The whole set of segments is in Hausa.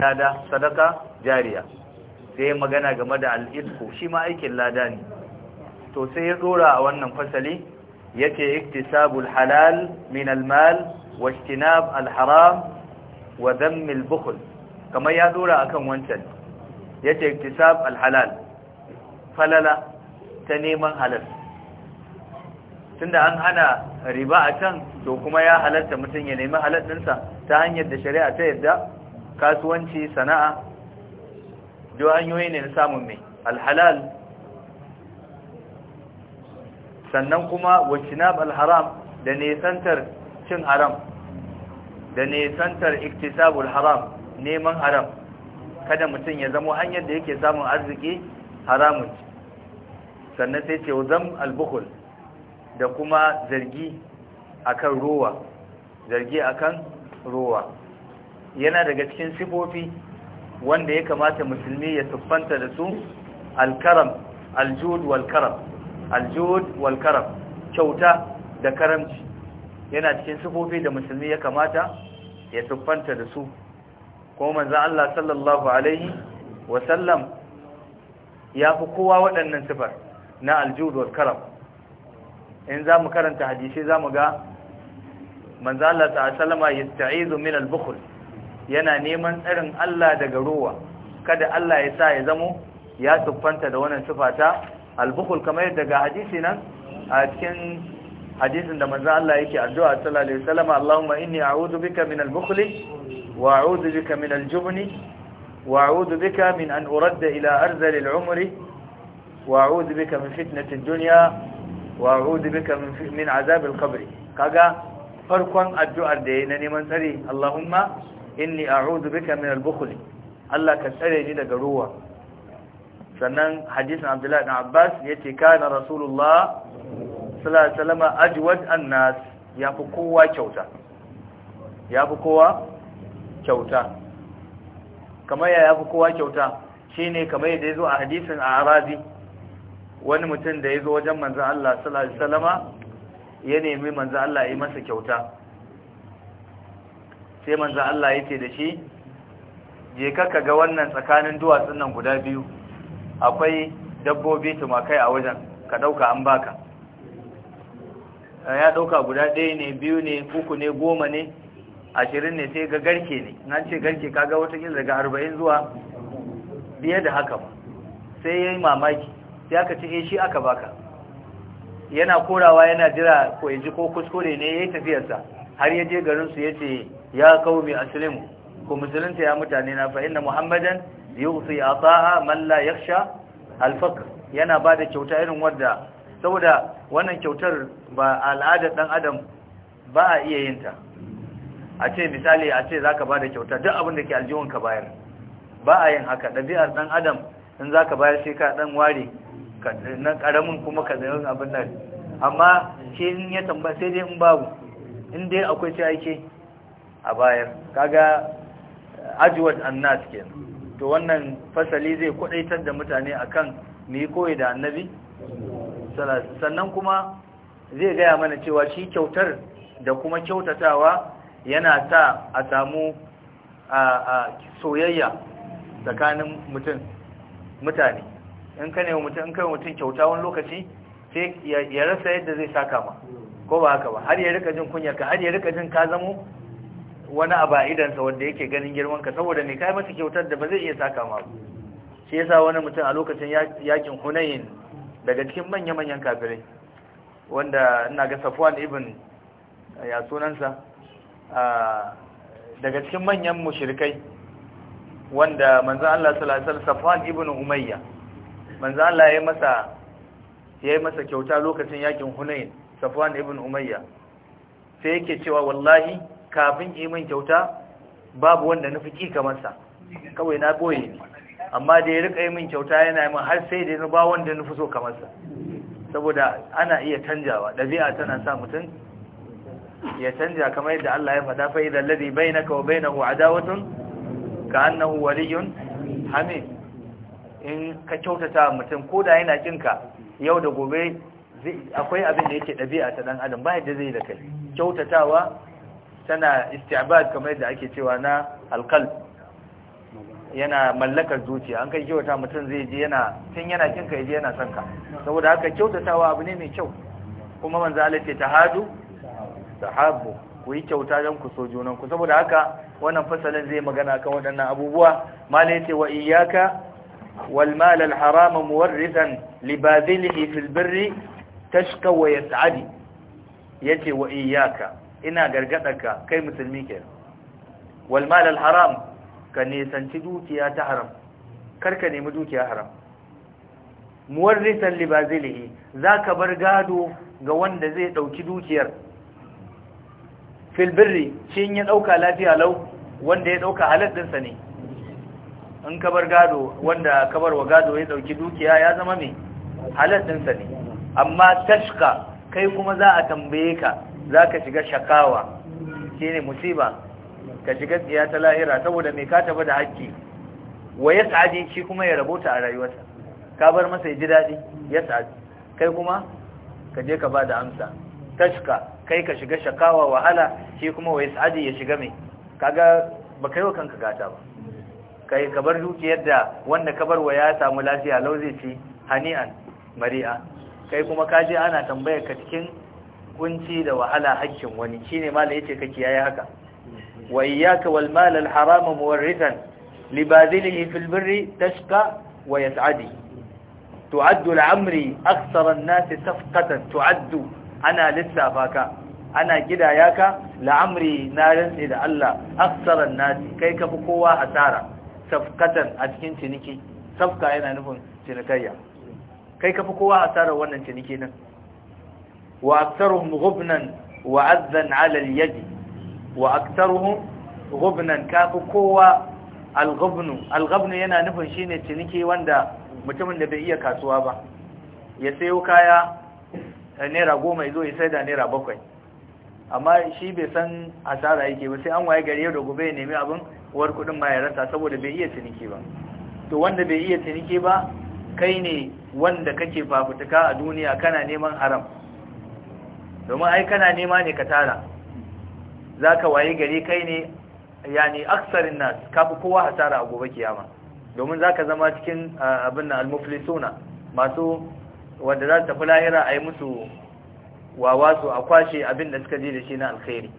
lada sadaka jariya sai magana game da al'isku shi ma aikin lada ne to sai ya dora a wannan fasali yace iktisabul halal min almal wa ijtinab alharam wa damm albukhl kamar ya dora akan wancan yace iktisab alhalal falala ta neman halal tunda an hana riba a can to kuma ya halarta mutum ya nemi halal dinsa ta hanyar da shari'a ta yadda kasuwanci sana'a duk hanyoyi ne na samun mai alhalal sannan kuma wajinab alharam da nesantar cin haram da nesantar iktisabul haram neman haram kada mutum ya zamo hanyar da yake samun arziki haramun sannan sai ce zam albukul da kuma zargi akan ruwa zargi akan ruwa yana daga cikin sifofi wanda ya kamata musulmi ya tuffanta da su alkaram aljud wal karam aljud wal karam kyauta da karamci yana cikin sifofi da musulmi ya kamata ya tuffanta da su kuma manzo Allah sallallahu alaihi wa sallam ya fi kowa waɗannan sifar na aljud wal karam in za mu karanta hadisi za mu ga manzo Allah ta'ala sallama yasta'izu min al-bukhl yana neman tsarin Allah daga ruwa kada Allah ya sa ya zamo ya tuffanta da wannan sifata albukhul kamar daga hadisi nan a cikin hadisin da manzo Allah yake addu'a sallallahu alaihi wasallam Allahumma inni a'udhu bika min al-bukhl wa a'udhu bika min al-jubn wa a'udhu bika min an urda ila arzal al umr wa a'udhu bika min fitnat ad-dunya wa a'udhu bika min min azab al-qabr kaga farkon addu'ar da na neman tsari Allahumma inni a'udhu bika min al-bukhl Allah ka tsare ni daga ruwa sannan hadisin Abdullahi ibn Abbas yace kana Rasulullah sallallahu alaihi wasallam ajwad an-nas yafi kowa kyauta yafi kowa kyauta kamar ya yafi kowa kyauta shine kamar yadda yazo a hadisin Arabi wani mutum da yazo wajen manzon Allah sallallahu alaihi wasallam ya nemi manzon Allah ya yi masa kyauta sai manzo Allah yake da shi je ka ga wannan tsakanin duwatsun nan guda biyu akwai dabbobi tumakai a wajen ka dauka an baka eh, ya dauka guda ɗaya ne biyu ne uku ne goma ne ashirin ne sai ga garke ne na ce garke kaga wata kila daga arba'in zuwa biye da haka ba sai ya yi mamaki sai aka ce eh, shi aka baka yana korawa yana jira ko ya ji ko kuskure ne ya yi tafiyarsa har ya je garinsu ya ce ya qaumi aslimu ku musulunta ya mutane na fa inna muhammadan yughsi ata'a man la yakhsha al-faqr yana bada kyauta irin wadda saboda wannan kyautar ba al'adar dan adam ba a iya yin ta a ce misali a ce zaka bada kyauta duk abin da ke aljihun ka bayar ba a yin haka dabi'ar dan adam in zaka bayar sai ka dan ware na karamin kuma ka zai abin nan amma shi in ya tambaya sai dai in babu in dai akwai sai ake a bayan kaga eh, ajwad annas kenan to wannan fasali zai kudaitar da mutane akan mu koyi da annabi sannan kuma zai gaya mana cewa shi kyautar da kuma kyautatawa yana ta a samu soyayya tsakanin mutum mutane in ka ne mutum in mutum kyauta wani lokaci sai ya rasa yadda zai saka ma ko ba haka ba har ya rika jin kunyarka har ya rika jin ka zamo wani abu a idansa wanda yake ganin girman ka saboda ne kai masa kyautar da ba zai iya saka ma shi yasa wani mutum a lokacin yakin hunayin daga cikin manya-manyan kafirai wanda ina ga Safwan ibn ya sunansa daga cikin manyan mushrikai wanda manzo Allah sallallahu alaihi wasallam Safwan ibn Umayya manzo Allah ya masa ya yi masa kyauta lokacin yakin hunayin Safwan ibn Umayya sai yake cewa wallahi kafin ki min kyauta babu wanda na fi ki kamar sa kawai na koyi ne amma da ya rika yi min kyauta yana yi min har sai da ba wanda na fi so kamar sa saboda ana iya canjawa dabi'a tana sa mutum ya canja kamar yadda Allah ya faɗa fa idan ladhi bainaka wa bainahu adawatun ka'annahu waliyyun hamid in ka kyautata mutum ko da yana kinka yau da gobe akwai abin da yake dabi'a ta dan adam ba yadda zai da kai kyautatawa tana isti'bad kamar yadda ake cewa na alkal yana mallakar zuciya an kai kyauta mutum zai je yana tun yana kin ya ji yana sanka ka saboda haka kyautatawa abu ne mai kyau kuma manzo Allah ce tahadu sahabu ku yi kyauta don ku so junan ku saboda haka wannan fasalin zai magana kan waɗannan abubuwa malai yace wa iyyaka wal mal al haram muwarrisan li bazilihi fil birri tashqa wa yas'adi yace wa iyyaka ina gargadarka kai musulmi ke wal mal al haram ka nisanci dukiya ta haram karka nemi dukiya haram muwarrisan za zaka bar gado ga wanda zai dauki dukiyar fil birri shin ya dauka lafiya lau wanda ya dauka dinsa ne in ka bar gado wanda ka bar wa gado ya dauki dukiya ya zama me dinsa ne amma tashka kai kuma za a tambaye ka za ka shiga shakawa shi ne musiba ka shiga tsiya ta lahira saboda mai ka tafi da haƙƙi wa ya sa'adi shi kuma ya rabota a rayuwarsa ka bar masa ya ji daɗi ya sa'adi kai kuma ka je ka ba da amsa tashka kai ka shiga shakawa wahala shi kuma wa ya sa'adi ya shiga mai kaga ba kai wa kanka gata ba kai ka bar dukiyar da wanda ka bar wa ya samu lafiya lau zai ci hani'an mari'a kai kuma ka je ana tambayar ka cikin hukunci da wahala hakkin wani shi ne mala ce kake yaya haka wa iyaka wal malal harama muwarrisan li bazilihi fil birri tashqa wa yas'adi tu'addu al'amri akthar an-nas safqatan tu'addu ana lissafaka ana gidayaka la'amri na rantsi da Allah akthar an kai ka fi kowa hasara safqatan a cikin ciniki safka yana nufin cinikayya kai ka kowa hasara wannan ciniki nan alal غبنا وعذا على اليد وأكثرهم غبنا kowa الغبن الغبن yana nufin shine ciniki wanda mutumin da bai iya kasuwa ba ya sayo kaya naira goma zo ya da naira bakwai amma shi bai san asara yake ba sai an waye gari yau da gobe ya nemi abin war kudin ma ya rasa saboda bai iya ciniki ba to wanda bai iya ciniki ba kai ne wanda kake fafutuka a duniya kana neman haram domin ai kana nema ne ka tara za ka waye gari kai ne yani aksarin nas kafi kowa hasara a gobe kiyama domin za ka zama cikin abin na almuflisuna masu wanda za su tafi lahira a yi musu wawa su a kwashe abin da suka je da shi na alkhairi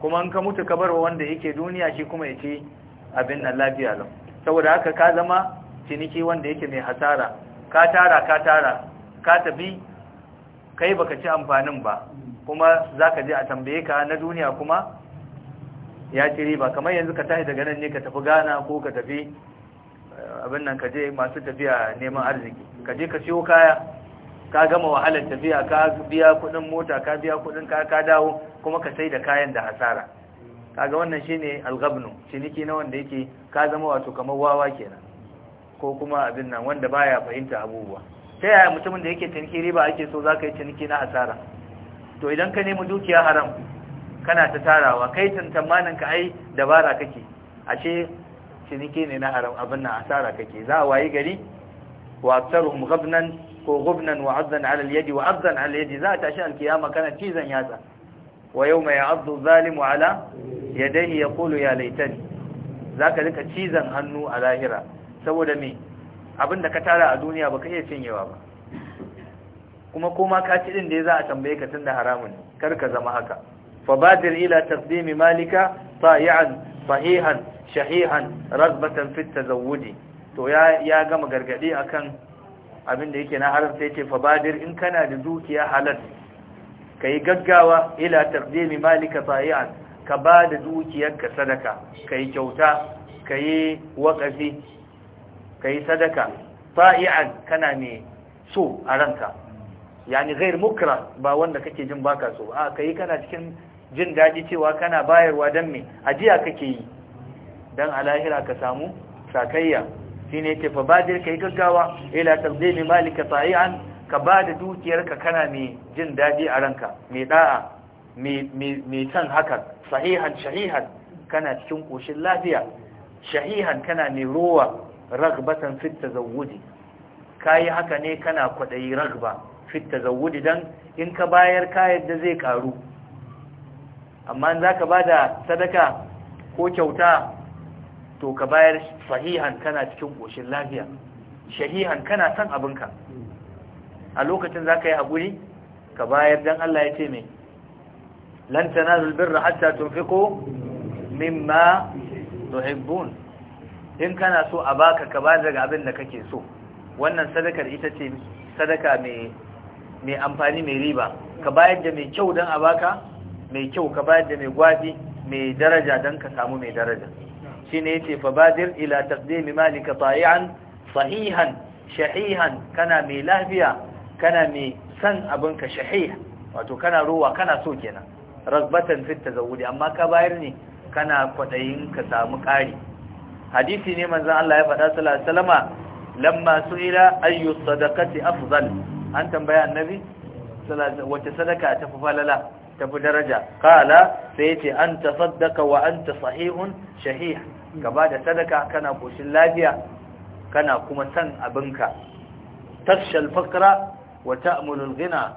kuma in ka mutu ka bar wa wanda yake duniya shi kuma ya ce abin na lafiya lau saboda haka ka zama ciniki wanda yake mai hasara ka tara ka tara ka tafi kai baka ci amfanin ba kuma zaka je a tambaye ka na duniya kuma ya ci riba kamar yanzu ka tashi daga nan ne ka tafi Ghana ko ka tafi eh, abin nan ka je masu tafiya neman arziki ka je ka siyo kaya ka gama wahalar tafiya ka biya kudin mota ka biya kudin ka ka dawo kuma ka sai da kayan da hasara kaga wannan shine algabnu ciniki na wanda yake ka zama wato kamar wawa kenan ko kuma abin nan wanda baya fahimta abubuwa ta yaya mutumin da yake ciniki riba ake so za ka yi ciniki na asara to idan ka nemi dukiya haram kana ta tarawa kai tantammanin ka ai dabara kake ce ciniki ne na haram abin na asara kake za a wayi gari wa aktaruhum gabnan ko gubnan wa azan alal yadi wa azan alal yadi za a tashi alkiyama kana cizon yatsa wa mai ya'addu zalimu ala ya yaqulu ya laitani ka rika cizon hannu a lahira saboda me abin da ka tara a duniya baka ka iya cinyewa ba kuma koma ka ci din da za a tambaye ka tunda haramun kar ka zama haka fa badir ila taqdimi malika ta'ian sahihan shahihan razbatan fi zawudi to ya ya gama gargadi akan abin da yake na haram sai ce fa badir in kana da dukiya halal kai gaggawa ila taqdimi malika ta'ian ka ba da dukiyarka sadaka kai kyauta kai waƙafi kai sadaka fa'i'an kana ne so a ranka yani ghair mukra ba wanda kake jin baka so a yi kana cikin jin daɗi cewa kana bayarwa dan me ajiya kake yi dan alahira ka samu sakayya shine yake fa badir yi gaggawa ila mai malika ta'ian ka da dukiyarka kana mai jin daɗi a ranka mai mai san haka sahihan shahihan kana cikin koshin lafiya shahihan kana mai rowa ragbatan fit tazawudi kayi haka ne kana kwaɗayi ragba fit zawudi dan in ka bayar ka yadda zai karu amma in ba da sadaka ko kyauta to ka bayar sahihan kana cikin koshin lafiya shahihan kana san abinka a lokacin zaka yi hakuri ka bayar dan Allah ya ce mai lan tanazul birra hatta tunfiqu mimma tuhibbun in kana so a baka ka ba daga abin da kake so wannan sadakar ita ce sadaka mai amfani mai riba ka bayar da mai kyau don a baka mai kyau ka bayar da mai gwaji mai daraja don ka samu mai daraja shine yace fabadir ila taqdimi malika ta'ian sahihan shahihan kana mai lafiya kana mai san abin ka shahih wato kana ruwa kana so kenan razbatan fit tazawudi amma ka bayar ne kana kwadayin ka samu ƙari hadisi ne manzan Allah ya faɗa sallallahu salama lamma su'ila ayyu sadaqati afdal an tambaya annabi wace sadaka ta fi falala ta fi daraja kala sai yace an tasaddaka wa anta sahihun shahih gaba da sadaka kana koshin lafiya kana kuma san abinka tashal al wa ta'mulu al-ghina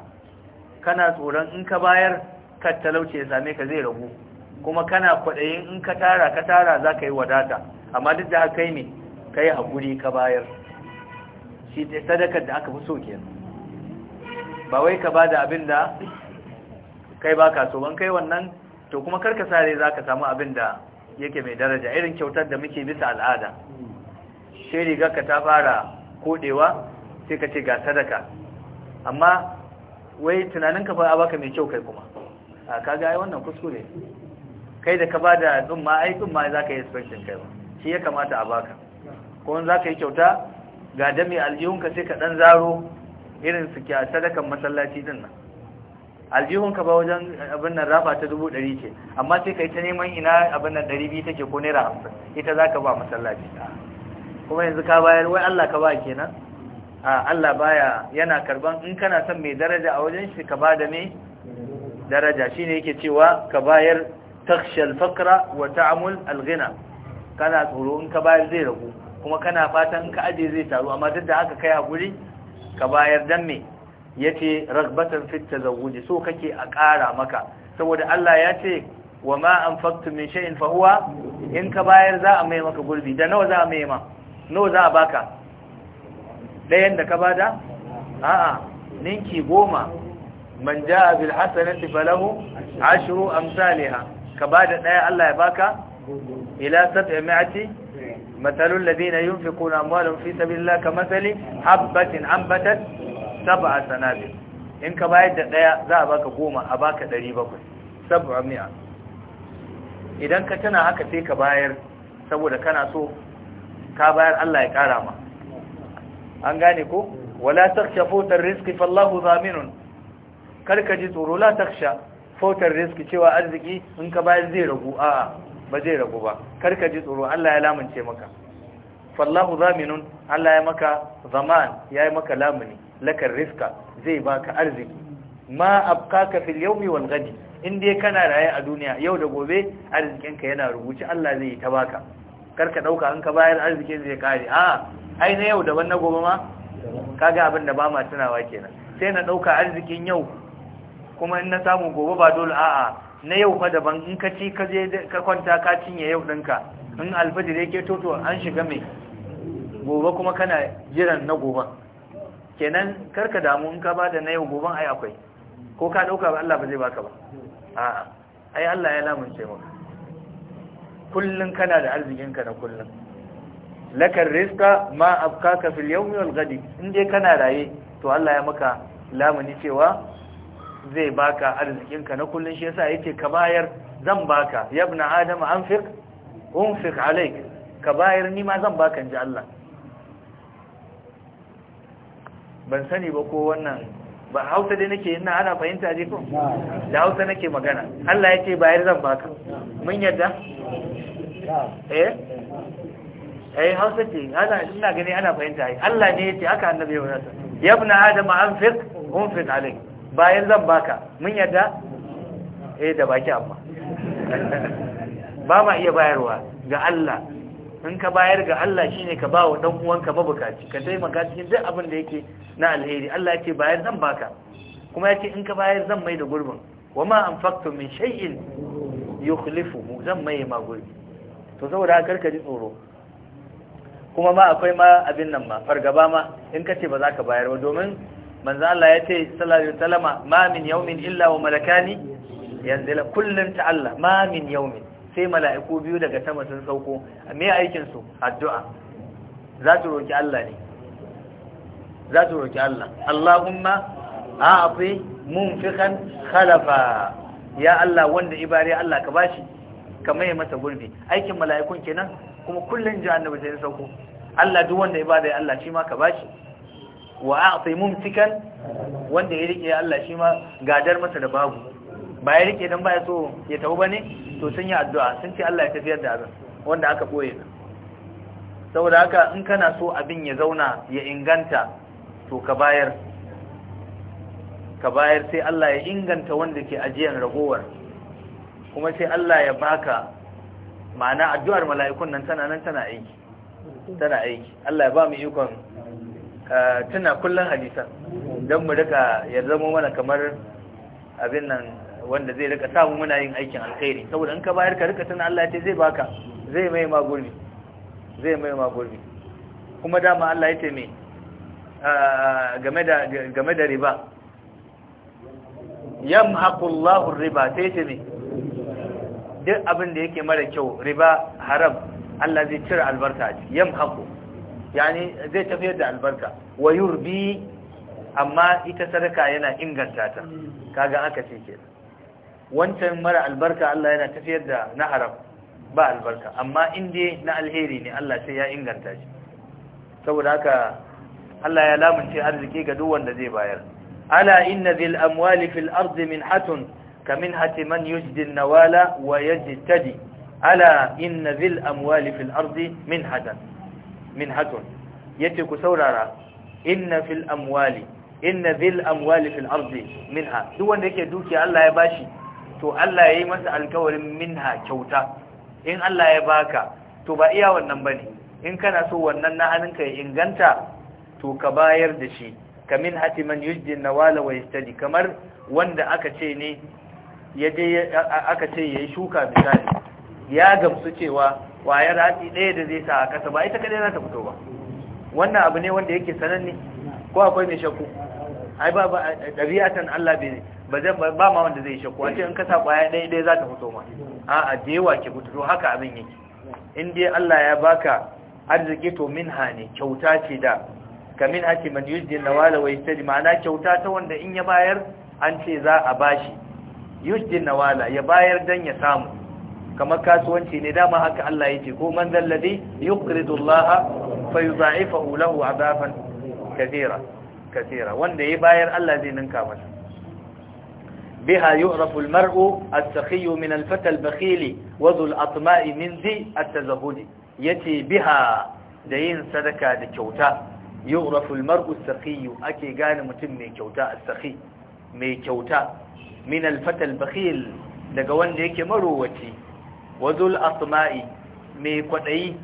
kana tsoron in ka bayar ka talauce ya same ka zai ragu kuma kana kwadayin in ka tara ka tara zaka yi wadata amma duk da aka yi ne ka yi haƙuri ka bayar shi ta sadakar da aka fi so ke ba wai ka ba da abin da kai ba ka so ban kai wannan to kuma karka sare za ka samu abin da yake mai daraja irin kyautar da muke bisa al'ada shi riga ka ta fara kodewa sai ka ce ga sadaka amma wai tunanin ka fa a baka mai kyau kai kuma a kaga ai wannan kuskure kai da ka ba da tsumma ai tsumma za ka yi inspection kai ba shi ya kamata a baka ko za ka yi kyauta ga dami aljihunka sai ka ɗan zaro irin su kya sadakan masallaci din nan aljihunka ba wajen abin nan raba ta dubu ɗari ce amma sai ka yi ta neman ina abin nan ɗari biyu take ko naira hamsin ita za ka ba masallaci kuma yanzu ka bayar wai Allah ka ba kenan a Allah baya yana karban in kana son mai daraja a wajen shi ka ba da mai daraja shine yake cewa ka bayar takshal fakra wa ta'amul alghina kana tsoro in ka bayar zai ragu kuma kana fatan ka aje zai taru amma duk da haka kai hakuri ka bayar dan me yace ragbatan fit tazawuji so kake a ƙara maka saboda Allah ya ce wa ma anfaqtu min shay'in fa huwa in ka bayar za a mai maka gurbi da nawa za a mai ma nawa za a baka dayan da ka bada a'a ninki goma man jaa bil hasanati falahu ashru amsalha ka bada daya Allah ya baka ila sab'ati na ladina yunfiquna amwalahum fi sabilillahi kamathali habatin ambatat sab'a sanabil in ka bayar da daya za a baka goma a baka 700 sab'a mi'a idan ka tana haka sai ka bayar saboda kana so ka bayar Allah ya kara ma an gane ko wala taksha futar rizqi fallahu zaminun karka ji tsoro la taksha futar rizqi cewa arziki in ka bayar zai ragu a'a ba zai ragu ba karka ji tsoro Allah ya lamunce maka fallahu zaminun Allah ya maka zaman ya yi maka lamuni lakar riska zai baka arziki ma abqaka fil yawmi wal ghadi in dai kana raye a duniya yau da gobe arzikinka yana rubuci Allah zai yi ta baka karka ɗauka dauka an ka bayar arzikin zai kare a ai na yau daban na gobe ma kaga abin da ba ma tunawa kenan sai na dauka arzikin yau kuma in na samu gobe ba dole a'a na yau fa daban in ka ci ka je ka kwanta ka cinye yau ɗinka in alfajir ke toto an shiga mai gobe kuma kana jiran na gobe kenan karka damu in ka ba da na yau goben ai akwai ko ka ɗauka ba Allah ba zai baka ba a'a ai Allah ya lamunce maka kullun kana da arzikin ka na kullun lakar rizqa ma abkaka fil yawmi wal ghadi in dai kana raye to Allah ya maka lamuni cewa zai baka arzikinka na kullun shi yasa yace ka bayar zan baka ya ibn adam anfiq unfiq alayk ka bayar ni ma zan baka inji Allah ban sani ba ko wannan ba hausa dai nake ina ana fahimta je ko da hausa nake magana Allah yake bayar zan baka mun yadda eh eh hausa ce ana ina gani ana fahimta ai Allah ne yace haka annabi ya wasa ya ibn adam anfiq unfiq alayk bayan zan baka mun yadda e eh, da baki amma ba ma iya bayarwa ga Allah in ka bayar ga Allah shine ka ba wa dan uwanka mabukaci ka maka cikin duk abin da yake na alheri Allah yake bayar zan baka kuma yace in ka bayar zan mai da gurbin wama anfaqtum min shay'in yukhlifuhu zan mai ma gurbi to saboda haka karka ji tsoro kuma ma akwai ma abin nan ma fargaba ma in kace ba za ka bayar ba domin manzo Allah ya ce sallallahu alaihi wasallama ma min yawmin illa wa malakani yanzila kullun ta Allah ma min yawmin sai mala'iku biyu daga sama sun sauko me aikin su addu'a za su roki Allah ne za su roki Allah Allahumma a'ti munfiqan khalafa ya Allah wanda ibare Allah ka bashi kamar ya masa gurbi aikin mala'ikun kenan kuma kullun ji annabi sai sauko Allah duk wanda ibada ya Allah shi ma ka bashi wa a'ti mumtikan wanda ya rike Allah shi ma gadar masa da babu ba ya rike dan ba ya so ya tawo bane to sun yi addu'a sun ce Allah ya tafiyar da azan wanda aka boye saboda haka in kana so abin ya zauna ya inganta to ka bayar ka bayar sai Allah ya inganta wanda ke ajiyan ragowar kuma sai Allah ya baka ma'ana addu'ar mala'ikun nan tana nan tana aiki tana aiki Allah ya ba mu ikon Eh, tuna kullum hadisan don mu rika ya zama mana kamar abin nan wanda zai rika samu muna yin aikin alkhairi saboda in ka bayar ka rika tuna Allah ce zai baka zai mai ma gurbi zai mai ma gurbi kuma dama Allah ya ce me eh, game da game da riba yamhaqu Allahu riba sai ce me duk abin da yake mara kyau riba haram Allah zai cire albarka yamhaqu yani zai tafiyar da albarka wa yurbi amma ita sadaka yana inganta ta kaga aka ce ke wancan mara albarka Allah yana tafiyar da na haram ba albarka amma inda na alheri ne Allah sai ya inganta shi saboda haka Allah ya lamunce arziki ga duk wanda zai bayar ala inna zil amwali fil ardi min kaminhati man yujdi nawala wa yajtadi ala inna zil amwali fil ardi hatun. hatun yace ku saurara inna fil amwali inna dhil amwali fil ardi minha duk wanda yake duki Allah ya bashi to Allah yayi masa alkawarin minha kyauta in Allah ya baka to ba iya wannan bane in kana so wannan na hannunka ya inganta to ka bayar da shi hati man yujdi nawala wa yastadi kamar wanda aka ce ne yaje aka ce yayi shuka misali ya gamsu cewa kwayar hatsi ɗaya da zai sa a kasa ba ita kaɗai za ta fito ba wannan abu ne wanda yake sananne ko akwai mai shakku ai ba ɗabi'atan Allah bai ba zai ba ma wanda zai shakku a ce in ka sa kwaya ɗaya ɗaya za ta fito ma a a da yawa ke fito to haka abin yake in dai Allah ya baka arziki to minha ne kyauta ce da ka min hati man yujdi nawala wa yastadi ma'ana kyauta ta wanda in ya bayar an ce za a bashi yujdi nawala ya bayar dan ya samu kamar kasuwanci ne dama haka Allah yake ko man zalladhi yuqridu Allah fa yudha'ifahu lahu 'adaban kathira kathira wanda ya bayar Allah zai ninka masa biha yu'rafu al-mar'u as-sakhiy min al-fata al-bakhil wa dhul atma'i min zi at-tazahhud yace biha da yin sadaka da kyauta yu'rafu al-mar'u as ake gane mutum mai kyauta as-sakhiy mai kyauta min al-fata al-bakhil daga wanda yake marowaci wazul asma'i mai kwaɗayi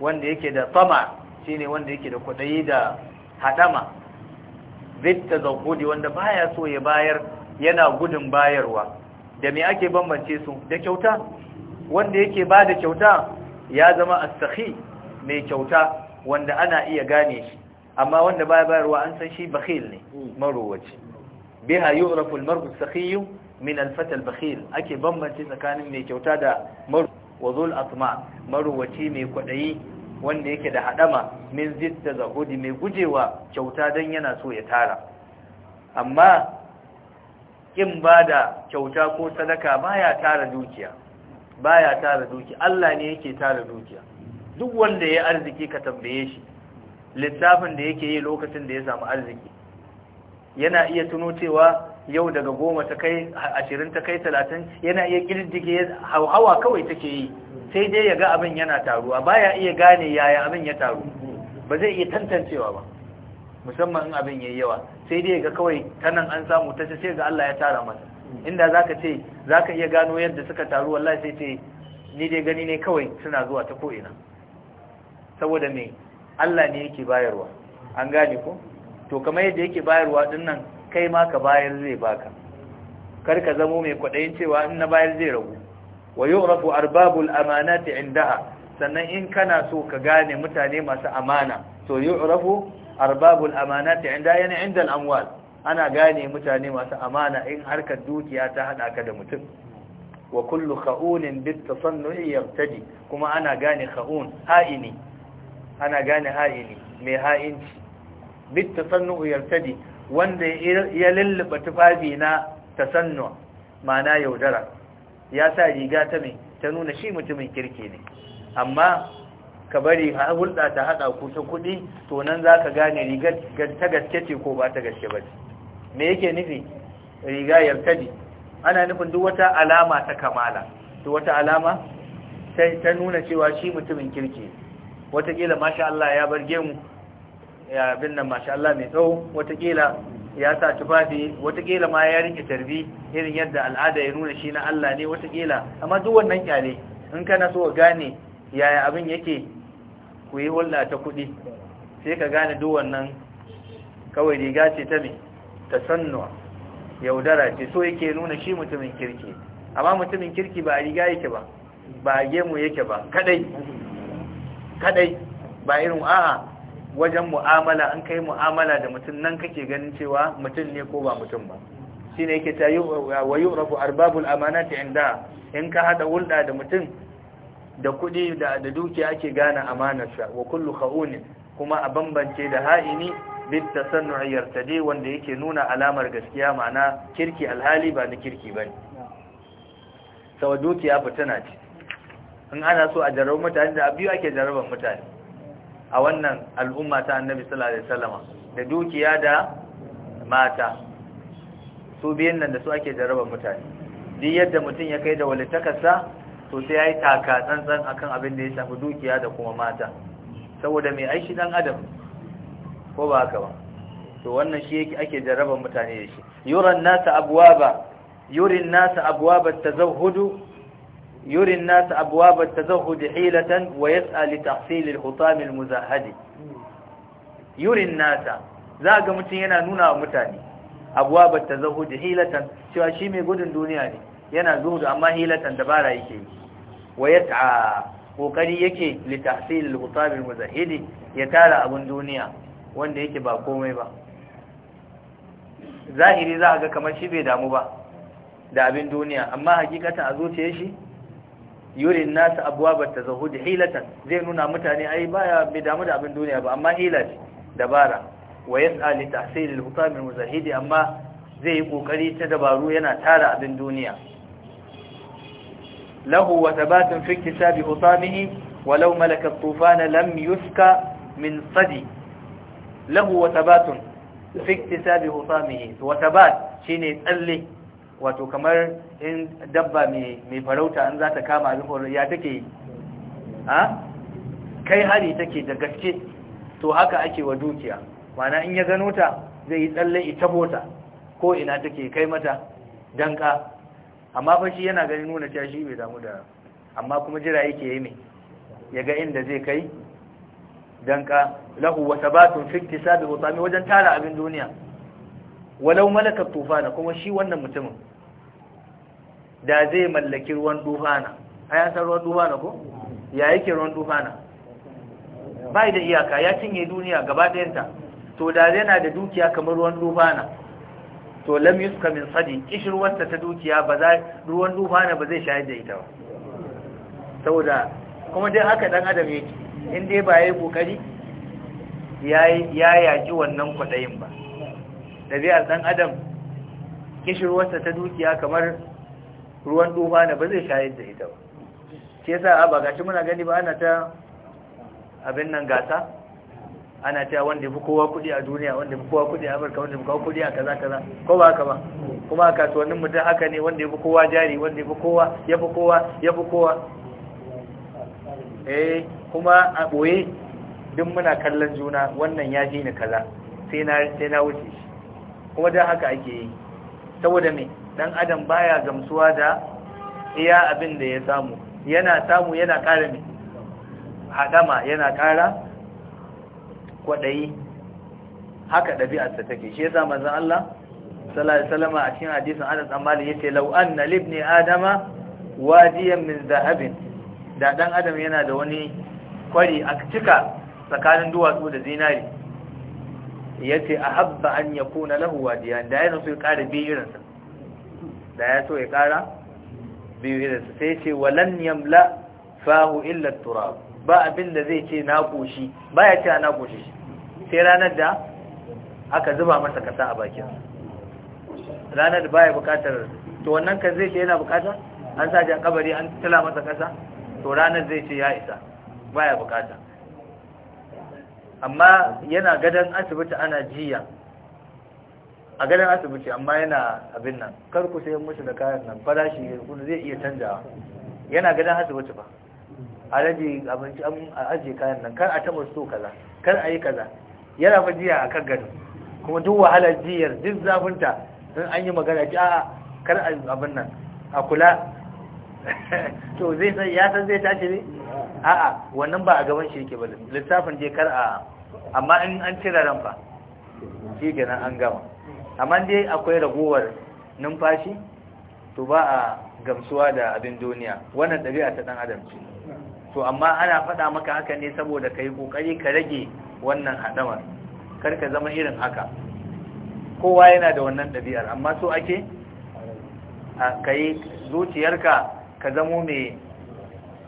wanda yake da sama shine wanda yake da kwaɗayi da haɗama zitta zaukudi wanda baya so ya bayar yana gudun bayarwa da me ake bambance su da kyauta wanda yake ba da kyauta ya zama astakhi mai kyauta wanda ana iya gane shi amma wanda baya bayarwa an san shi bakhil ne hmm. marowaci biha yu'rafu al-mar'u as min alfata bakhil ake bambance tsakanin mai kyauta da maru wazul atma maruwaci mai kwadayi wanda yake da hadama min zitta zahudi mai gujewa kyauta dan yana so ya tara amma kin bada kyauta ko sadaka baya tara dukiya baya tara dukiya Allah ne yake tara dukiya duk wanda ya arziki ka tambaye shi littafin da yake yi lokacin da ya samu arziki yana iya tuno cewa yau daga goma ta kai ashirin ta kai talatin yana iya girdige hawa kawai take yi sai dai ya ga abin yana taruwa Ba ya iya gane yaya abin ya taru ba zai iya tantancewa ba musamman in abin yayi yawa sai dai ga kawai tanan an samu ta sai ga Allah ya tara masa inda ka ce za ka iya gano yadda suka taru wallahi sai ce ni dai gani ne kawai suna zuwa ta ko'ina. ina saboda me Allah ne yake bayarwa an gane ko to kamar yadda yake bayarwa dinnan kai ma ka bayar zai baka kar ka zamo mai kwaɗayin cewa in na bayar zai ragu wa yu'rafu arbabul amanati indaha sannan in kana so ka gane mutane masu amana to yu'rafu arbabul amanati inda yana inda amwal ana gane mutane masu amana in harkar dukiya ta hada ka da mutum wa kullu kha'unin bit tasannu'i yabtadi kuma ana gane kha'un ha'ini ana gane ha'ini mai ha'inci bit tasannu'i yabtadi wanda ya lullaba tufafi na tasannu ma'ana yaudara ya sa riga ta mai ta nuna shi mutumin kirki ne amma ka bari a hulɗa ta haɗa ku ta kuɗi to nan za ka gane rigar ta gaske ce ko ba ta gaske ba ce me yake nufi riga yartadi ana nufin duk wata alama ta kamala duk wata alama ta nuna cewa shi mutumin kirki Wataƙila, masha Allah ya bar gemu ya bin nan masha Allah mai tsawo watakila ya sa tufafi watakila ma ya rike tarbi irin yadda al'ada ya nuna shi na Allah ne watakila amma duk wannan kyale in kana so ka gane yaya abin yake ku yi hulɗa ta kuɗi sai ka gane duk wannan kawai riga ce ta me ta sannuwa yaudara ce so yake nuna shi mutumin kirki amma mutumin kirki ba a riga yake ba ba a gemu yake ba kadai kadai ba irin a'a wajen mu'amala an kai mu'amala da mutum nan kake ganin cewa mutum ne ko ba mutum ba shine yake ta wa rafu arbabul amanati inda in ka hada hulɗa da mutum da kuɗi da dukiya ake gane amanarsa wa kullu kha'un kuma a bambance da ha'ini bit tasannu'i yartadi wanda yake nuna alamar gaskiya ma'ana kirki alhali ba na kirki ba ne sau dukiya fitina ce in ana so a jarrabu mutane da biyu ake jarraban mutane a wannan al'umma ta annabi sallallahu alaihi wasallama da dukiya da mata su biyan nan da su ake jarraba mutane duk yadda mutum ya kai da walitakarsa to sai yayi taka tsantsan akan abin da ya shafi dukiya da kuma mata saboda mai aishi dan adam ko ba haka ba to wannan shi yake ake jarraba mutane da shi yuran nasa abwaba yurin nasa abwaba tazawhudu يري الناس أبواب التزهد حيلة ويسعى لتحصيل الحطام المزهد يري الناس ذاك متينا نونا متاني أبواب التزهد حيلة mai gudun duniya ne yana zuhudu amma hilatan dabara yake wa yas'a kokari yake li tahsil muzahidi ya tara abin duniya wanda yake ba komai ba zahiri za a ga kamar shi bai damu ba da abin duniya amma hakikata a zuciyar shi yurin nasa abuwabar ta zahudi hilatan zai nuna mutane ai baya mai damu da abin duniya ba amma hila ce dabara wa yas'a li tahsil al muzahidi amma zai yi kokari ta dabaru yana tara abin duniya lahu wa thabatun fi iktisabi hutamihi walau malaka tufana lam yuska min sadi lahu wa thabatun fi iktisabi hutamihi wa thabat shine tsalle wato kamar in dabba mai farauta an za ta kama abin ya take yi a kai hari take da gaske to haka ake wa dukiya mana in ya gano ta zai yi tsalle ita bota ko ina take kai mata danka amma fashi shi yana ganin nuna cewa shi bai damu da amma kuma jira yake yi mai ya ga inda zai kai danka lahu wa sabatun fi iktisabi wajen tara abin duniya walau tufana kuma shi wannan mutumin da zai mallaki ruwan duhana a ya san ruwan duhana ko ya yake ruwan duhana bai da iyaka ya cinye duniya gaba ɗayanta to da zai na da dukiya kamar ruwan duhana to lam yuska min sadi kishirwarta ta dukiya ba za ruwan duhana ba zai shayar da ita ba saboda kuma dai haka dan adam yake in dai ba yayi kokari ya yaƙi wannan kwaɗayin ba ɗabi'ar ɗan adam kishirwarsa ta dukiya kamar ruwan dufa ne ba zai shayar da ita ba ke sa a bagashi muna gani ba ana ta abin nan gasa ana ta wanda fi kowa kudi a duniya wanda fi kowa kudi a afirka wanda fi kowa kudi a kaza kaza ko ba haka ba kuma a kasuwannin mutum haka ne wanda ya fi kowa jari wanda ya fi kowa ya fi kowa ya fi kowa eh kuma a ɓoye duk muna kallon juna wannan ya ji ni kaza sai na wuce shi kuma don haka ake yi saboda me dan adam baya gamsuwa da iya abin da ya samu yana samu yana kara mai hadama yana kara kwaɗayi haka ɗabi'arsa take shi yasa manzon Allah sallallahu alaihi wasallam a cikin hadisin Anas an mali yace law anna libni adama wadiyan min dhahabin da dan adam yana da wani kwari a cika tsakanin duwatsu da zinari yace ahabba an yakuna lahu wadiyan da yana so ya ƙara bi irinsa da ya so ya kara biyu da su sai ce walan yamla fahu illa turab ba abin da zai ce na koshi ba ya ce na koshi sai ranar da aka zuba masa kasa a bakin ranar da ya bukatar to wannan kan zai ce yana bukata an sa ji a kabari an tila masa kasa to ranar zai ce ya isa ba ya bukata amma yana gadon asibiti ana jiya a gadon asibiti amma yana abin nan kar ku sai musu da kayan nan farashi kuma zai iya canjawa yana gadon asibiti ba rage abinci an ajiye kayan nan kar a taɓa so kaza kar a yi kaza yana fa jiya a kan gado kuma duk wahalar jiyar duk zafinta sun an yi magana ji a kar a abin nan a kula to zai san ya san zai tashi ne a'a wannan ba a gaban shi yake ba lissafin je kar a amma in an cire ran fa shi kenan an gama amma dai akwai ragowar numfashi to ba a gamsuwa da abin duniya wannan dabi'a ta dan adam ce to amma ana faɗa maka haka ne saboda ka kokari ƙoƙari ka rage wannan haɗamar kar ka zama irin haka kowa yana da wannan ɗabi'ar amma so ake ka yi zuciyarka ka zamo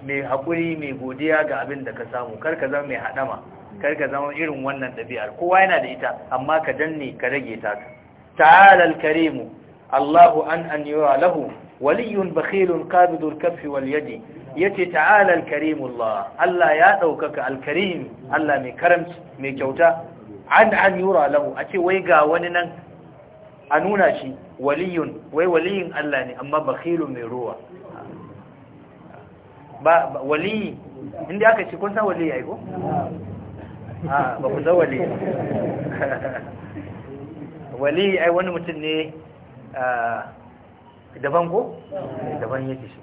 mai haƙuri mai godiya ga abin da ka samu kar ka zama mai haɗama kar ka zama irin wannan ɗabi'ar kowa yana da ita amma ka danne ka rage ta تعالى الكريم الله أن أن يرى له ولي بخيل قابض الكف واليد yace ta'ala karimu Allah ya daukaka al-karim Allah mai kyauta an an lahu a ce wai ga wani nan a nuna shi waliyin Allah amma ba waliyi inda aka ai ko wali ai wani mutum ne daban ko daban yake shi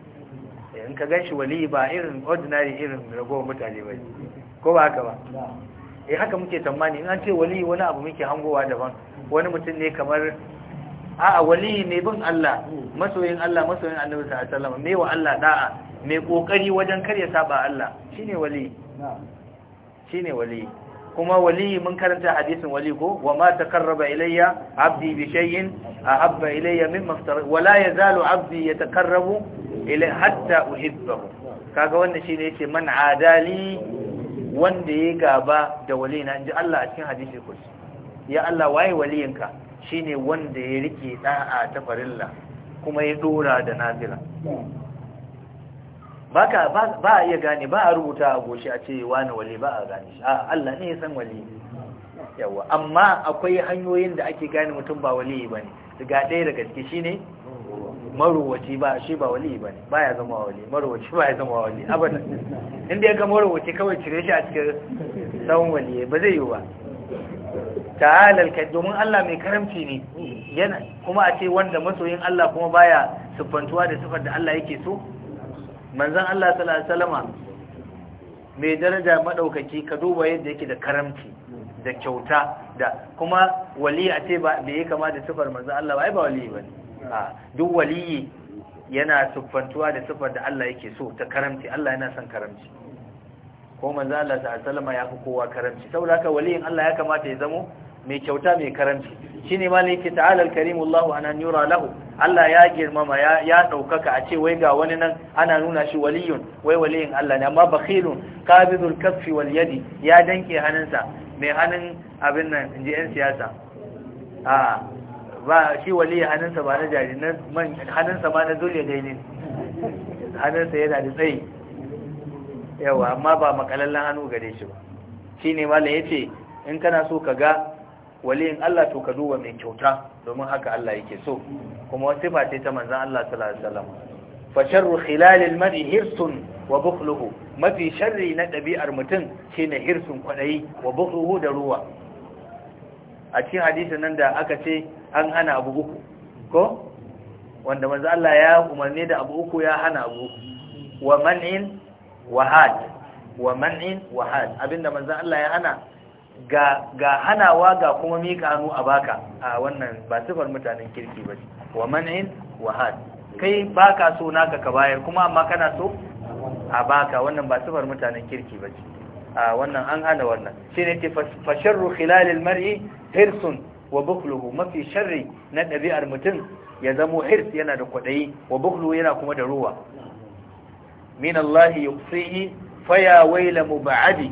eh, in ka gan shi wali ba irin ordinary irin ragowar mutane ba ko ba haka ba eh haka muke tsammani in an ce wali wani abu muke hangowa daban wani mutum ne kamar a'a wali ne bin Allah masoyin Allah masoyin Annabi sallallahu alaihi wasallam wa Allah da'a mai kokari wajen kar ya saba Allah shine wali shine wali kuma wali mun karanta hadisin wali ko wa ma takarraba ilayya abdi bi shay'in ahabba ilayya mimma iftara wa la yazalu abdi yatakarrabu ila hatta uhibbahu kaga wannan shine yace man adali wanda ya gaba da wali na inji Allah a cikin hadisi kursi ya Allah waye waliyinka shine wanda ya rike da'a ta farilla kuma ya dora da nafila baka ba a iya gane ba a rubuta a goshi a ce wani wali ba a gane shi a Allah ne ya san wali yawa amma akwai hanyoyin da ake gane mutum ba wali ba ne daga ɗaya daga ciki shine marowaci ba shi ba wali ba ne ba ya zama wali marowaci ba ya zama wali abadan inda ya ga marowaci kawai cire shi a cikin tsawon wali ba zai yi ba ta'alal kai domin Allah mai karamci ne yana kuma a ce wanda masoyin Allah kuma baya siffantuwa da siffar da Allah yake so manzan Allah sallallahu alaihi mai daraja maɗaukaki ka duba yadda yake da karamci da kyauta da kuma wali a ce ba yi kama da sifar manzan Allah ba ai ba wali bane a duk waliyi yana tuffantuwa da sifar da Allah yake so ta karamci Allah yana son karamci ko manzan Allah sallallahu alaihi ya fi kowa karamci saboda haka waliyin Allah ya kamata ya zamo mai kyauta mai karanci shine malai yake ta'ala alkarimullahu ana yura lahu Allah ya girmama ya ɗaukaka a ce wai ga wani nan ana nuna shi waliyun wai waliyun Allah ne amma bakhilun qabidul kaffi wal yadi ya danke hannunsa mai hannun abin nan inji yan siyasa a ba shi waliyin hannunsa ba na jari na man hannunsa ma na zuliya ne hannunsa yana da tsayi yawa amma ba makalallan hannu gare shi ba Shi ma la yace in kana so ka ga waliyin Allah to ka duba mai kyauta domin haka Allah yake so kuma wasu sifa ce ta manzon Allah sallallahu alaihi wasallam fa sharru khilal al mar'i hirsun wa bukhluhu mafi sharri na ɗabi'ar mutum shine hirsun kwadayi wa bukhluhu da ruwa a cikin hadisin nan da aka ce an hana abu uku ko wanda manzo Allah ya umarni da abu uku ya hana abu wa man'in wa had wa man'in wa had abinda manzo Allah ya hana ga hanawa ga kuma miƙa hannu a baka a wannan ba sifar mutanen kirki ba wa man'in wa had kai baka so naka ka bayar kuma amma kana so a baka wannan ba sifar mutanen kirki ba a wannan an hana wannan shine ce fa sharru khilalil mar'i hirsun wa Bukluhu, mafi sharri na ɗabi'ar mutum ya zamo hirs yana da kwaɗayi wa Bukluhu yana kuma da ruwa min Allah yuqsihi faya waila mub'adi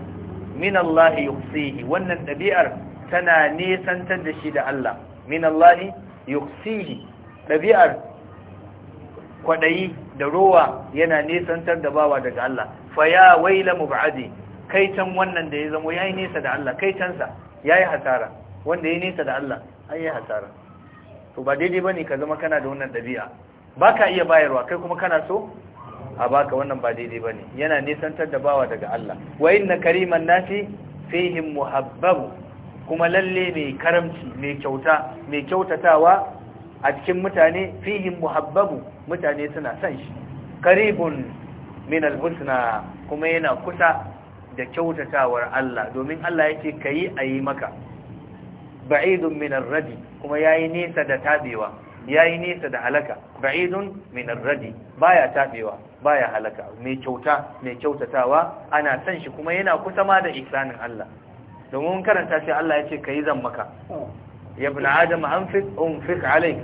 min Allah yuqsihi wannan ɗabi'ar tana nesantar da shi da Allah min Allah yuqsihi ɗabi'ar kwaɗayi da rowa yana nesantar da bawa daga Allah fa ya waila mub'adi can wannan da ya zamo yayi nesa da Allah kaitansa yayi hasara wanda yayi nesa da Allah ai yayi hasara to ba daidai bane ka zama kana da wannan ɗabi'a baka iya bayarwa kai kuma kana so a baka wannan ba daidai bane yana nisantar da bawa daga Allah wa inna kariman nasi fihim muhabbab kuma lalle mai karamci mai kyauta mai kyautatawa a cikin mutane fihim muhabbabu mutane suna son shi karibun min alhusna kuma yana kusa da kyautatawar Allah domin Allah yake kayi ayi maka ba'idun min arradi kuma yayi nesa da tabewa yayi nesa da halaka ba'idun min ar-radi baya tabewa baya halaka mai kyauta mai kyautatawa ana san shi kuma yana kusa ma da ihsanin Allah domin karanta shi Allah ya ce kai zan maka ya ibn adam anfiq unfiq alayk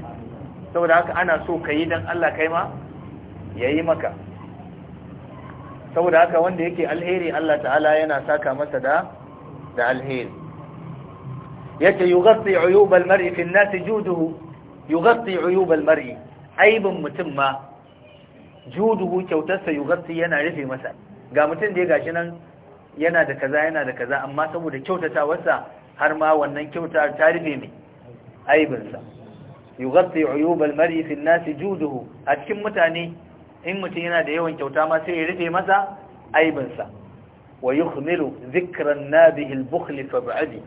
saboda haka ana so kai dan Allah kai ma yayi maka saboda haka wanda yake alheri Allah ta'ala yana saka masa da da alheri yake yughatti uyub al-mar'i fi an-nas juduhu yughatti uyubal mar'i aibin mutum ma juduhu kyautarsa yughatti yana rufe masa ga mutum da ya gashi nan yana da kaza yana da kaza amma saboda kyautatawarsa har ma wannan kyauta ta rufe mai aibinsa yughatti uyubal mar'i fi an juduhu a cikin mutane in mutum yana da yawan kyauta ma sai ya rufe masa sa wa yukhmilu dhikran nabihi al-bukhl fa ba'di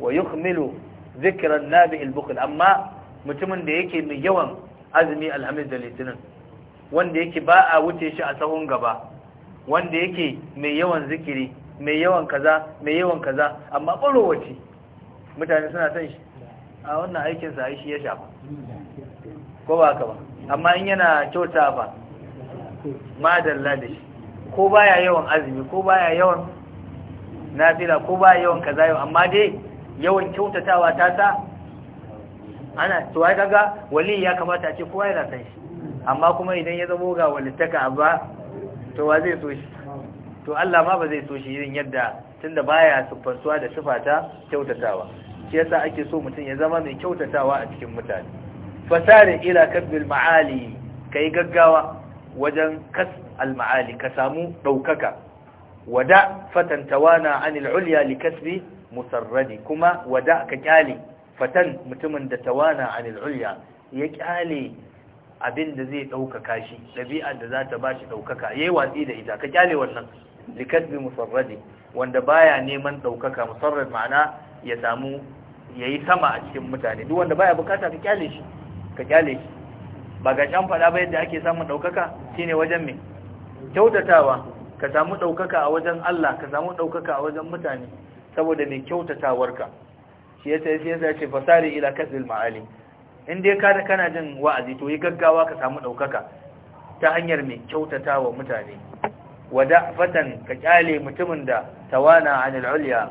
wa yukhmilu dhikran nabihi al-bukhl amma mutumin da yake mai yawan azumi alhamis da litinin wanda yake ba a wuce shi a sahun gaba wanda yake mai yawan zikiri mai yawan kaza mai yawan kaza amma ɓarowace mutane suna son shi a wannan aikinsa aishi ya shafa ko ba ka ba amma in yana kyauta ba madalla da shi ko baya yawan azumi ko baya yawan nafila ko baya yawan kaza yau amma dai yawan kyautatawa ta sa ana to ai kaga wali ya kamata a ce kowa yana san shi amma kuma idan ya zamo ga walittaka ba to wa zai so shi to Allah ma ba zai so shi irin yadda tunda baya sufarsuwa da sifata kyautatawa shi yasa ake so mutum ya zama mai kyautatawa a cikin mutane fasari ila kabbil ma'ali kai gaggawa wajen kas al ma'ali ka samu daukaka wada fatantawana anil ulya likasbi musarradi kuma wada ka kyale fatan mutumin da tawana anil ulya ya kyale abin da zai ɗaukaka shi ɗabi'ar da za ta ba shi ɗaukaka ya yi watsi da ita ka kyale wannan likasbi musarradi wanda baya neman ɗaukaka musarrad ma'ana ya samu ya yi sama a cikin mutane duk wanda baya bukata ka kyale shi ka kyale shi ba ga can faɗa ba yadda ake samun ɗaukaka shine wajen me kyautatawa ka samu ɗaukaka a wajen Allah ka samu ɗaukaka a wajen mutane saboda mai kyautatawarka shi ya sai ce fasari ila kasbil ma'ali in dai ka kana jin wa'azi to yi gaggawa ka samu ɗaukaka ta hanyar mai wa mutane wada fatan ka kyale mutumin da tawana anil ulya